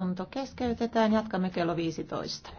Istunto keskeytetään. Jatkamme kello 15.